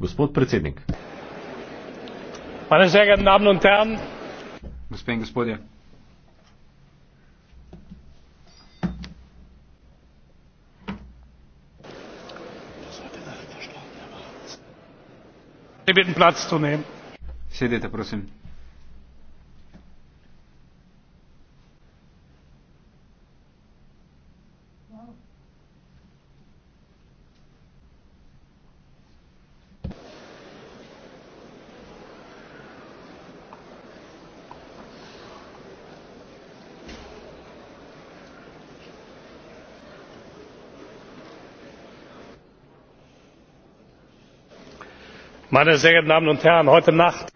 Gospod predsednik. Meine sehr geehrten Damen und Herren. Gospod in gospodje. Sie bitten Platz zu nehmen. Sedete, prosim. meine sehr geehrten damen und herren heute nacht